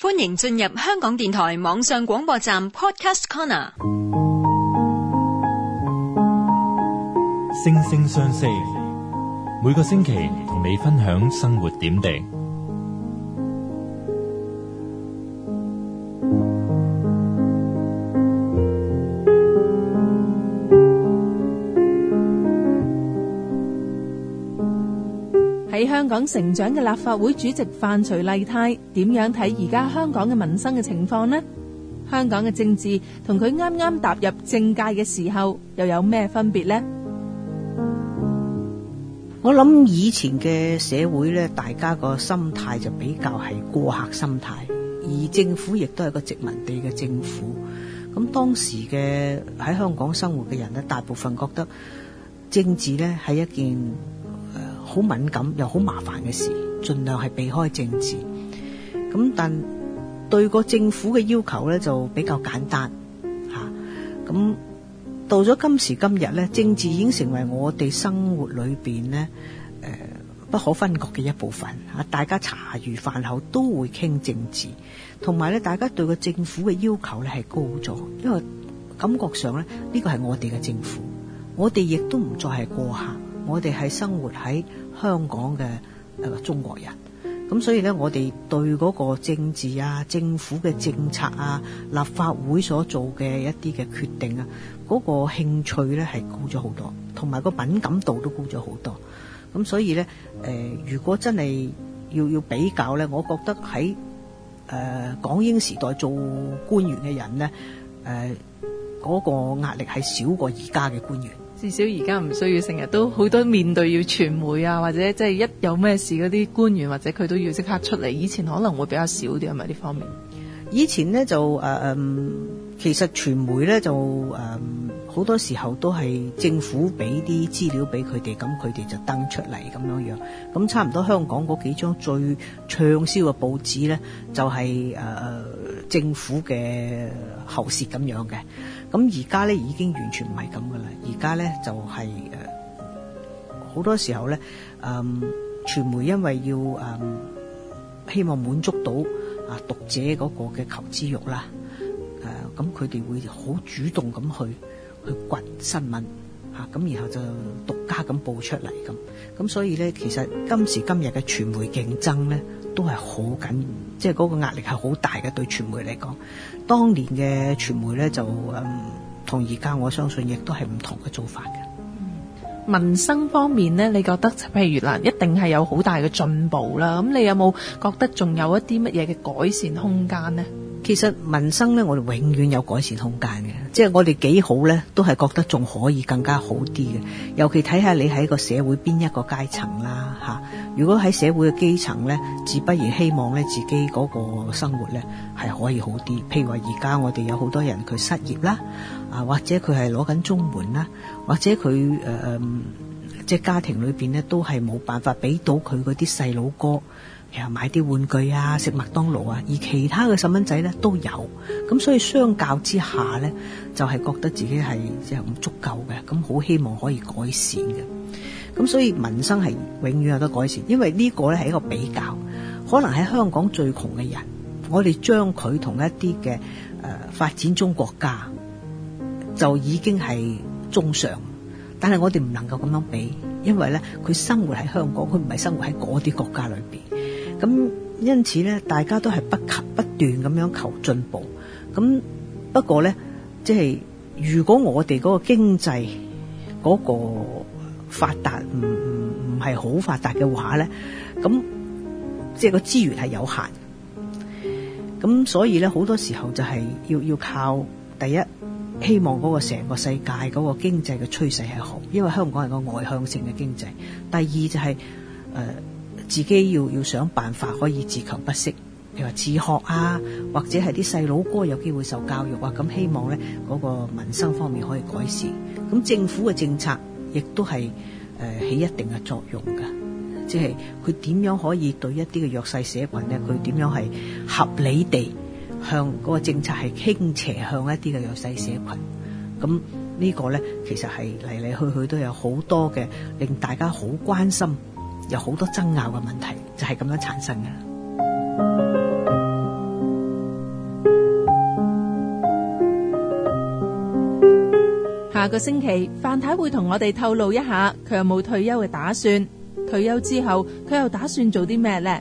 歡迎進入香港電台網上廣播站 Podcast Corner，星聲相識，每個星期同你分享生活點滴。喺香港成長嘅立法會主席范徐麗泰，點樣睇而家香港嘅民生嘅情況呢？香港嘅政治同佢啱啱踏入政界嘅時候又有咩分別呢？我諗以前嘅社會咧，大家個心態就比較係過客心態，而政府亦都係個殖民地嘅政府。咁當時嘅喺香港生活嘅人咧，大部分覺得政治咧係一件。好敏感又好麻煩嘅事，盡量係避開政治。咁但對個政府嘅要求咧就比較簡單吓。咁到咗今時今日咧，政治已經成為我哋生活裏邊咧誒不可分割嘅一部分吓。大家茶餘飯後都會傾政治，同埋咧大家對個政府嘅要求咧係高咗，因為感覺上咧呢個係我哋嘅政府，我哋亦都唔再係過客。我哋係生活喺香港嘅、呃、中國人，咁所以咧，我哋對嗰個政治啊、政府嘅政策啊、立法會所做嘅一啲嘅決定啊，嗰個興趣咧係高咗好多，同埋個敏感度都高咗好多。咁所以咧，誒、呃，如果真係要要比較咧，我覺得喺誒、呃、港英時代做官員嘅人咧，誒、呃、嗰個壓力係少過而家嘅官員。至少而家唔需要成日都好多面對要傳媒啊，或者即係一有咩事嗰啲官員或者佢都要即刻出嚟。以前可能會比較少啲，係咪呢方面。以前咧就誒誒、嗯、其實傳媒咧就誒好、嗯、多時候都係政府俾啲資料俾佢哋，咁佢哋就登出嚟咁樣樣，咁差唔多香港嗰幾張最暢銷嘅報紙咧，就係誒誒政府嘅喉舌咁樣嘅。咁而家咧已經完全唔係咁噶啦，而家咧就係、是、好、呃、多時候咧，誒、呃、傳媒因為要、呃、希望滿足到啊讀者嗰個嘅求知欲啦，誒咁佢哋會好主動咁去去掘新聞吓，咁、啊、然後就獨家咁報出嚟咁，咁所以咧其實今時今日嘅傳媒競爭咧，都係好緊，即係嗰個壓力係好大嘅，對傳媒嚟講。當年嘅傳媒呢，就，嗯，同而家我相信亦都係唔同嘅做法嘅，嗯。民生方面呢，你覺得譬如啦，一定係有好大嘅進步啦。咁你有冇覺得仲有一啲乜嘢嘅改善空間呢？其實民生呢，我哋永遠有改善空間嘅，即係我哋幾好呢，都係覺得仲可以更加好啲嘅。尤其睇下你喺個社會邊一個階層啦，吓。如果喺社會嘅基層咧，自不如希望咧自己嗰個生活咧係可以好啲。譬如話，而家我哋有好多人佢失業啦，啊或者佢係攞緊綜援啦，或者佢誒即係家庭裏邊咧都係冇辦法俾到佢嗰啲細佬哥，其實買啲玩具啊、食麥當勞啊，而其他嘅細蚊仔咧都有，咁所以相較之下咧，就係、是、覺得自己係即係唔足夠嘅，咁好希望可以改善嘅。咁所以民生係永遠有得改善，因為呢個咧係一個比較，可能喺香港最窮嘅人，我哋將佢同一啲嘅誒發展中國家就已經係中上，但係我哋唔能夠咁樣比，因為咧佢生活喺香港，佢唔係生活喺嗰啲國家裏邊，咁因此咧，大家都係不及不斷咁樣求進步，咁不過咧，即係如果我哋嗰個經濟嗰個。發達唔唔唔係好發達嘅話咧，咁即係個資源係有限，咁所以咧好多時候就係要要靠第一，希望嗰個成個世界嗰個經濟嘅趨勢係好，因為香港係個外向性嘅經濟。第二就係呃自己要要想辦法可以自強不息，譬如話自學啊，或者係啲細佬哥有機會受教育啊。咁希望咧嗰個民生方面可以改善。咁政府嘅政策。亦都係、呃、起一定嘅作用㗎。即係佢點樣可以對一啲嘅弱勢社群咧？佢點樣係合理地向嗰個政策係傾斜向一啲嘅弱勢社群？咁呢個咧其實係嚟嚟去去都有好多嘅令大家好關心，有好多爭拗嘅問題就係、是、咁樣產生嘅。下個星期，范太會同我哋透露一下佢有冇退休嘅打算。退休之後，佢又打算做啲咩呢？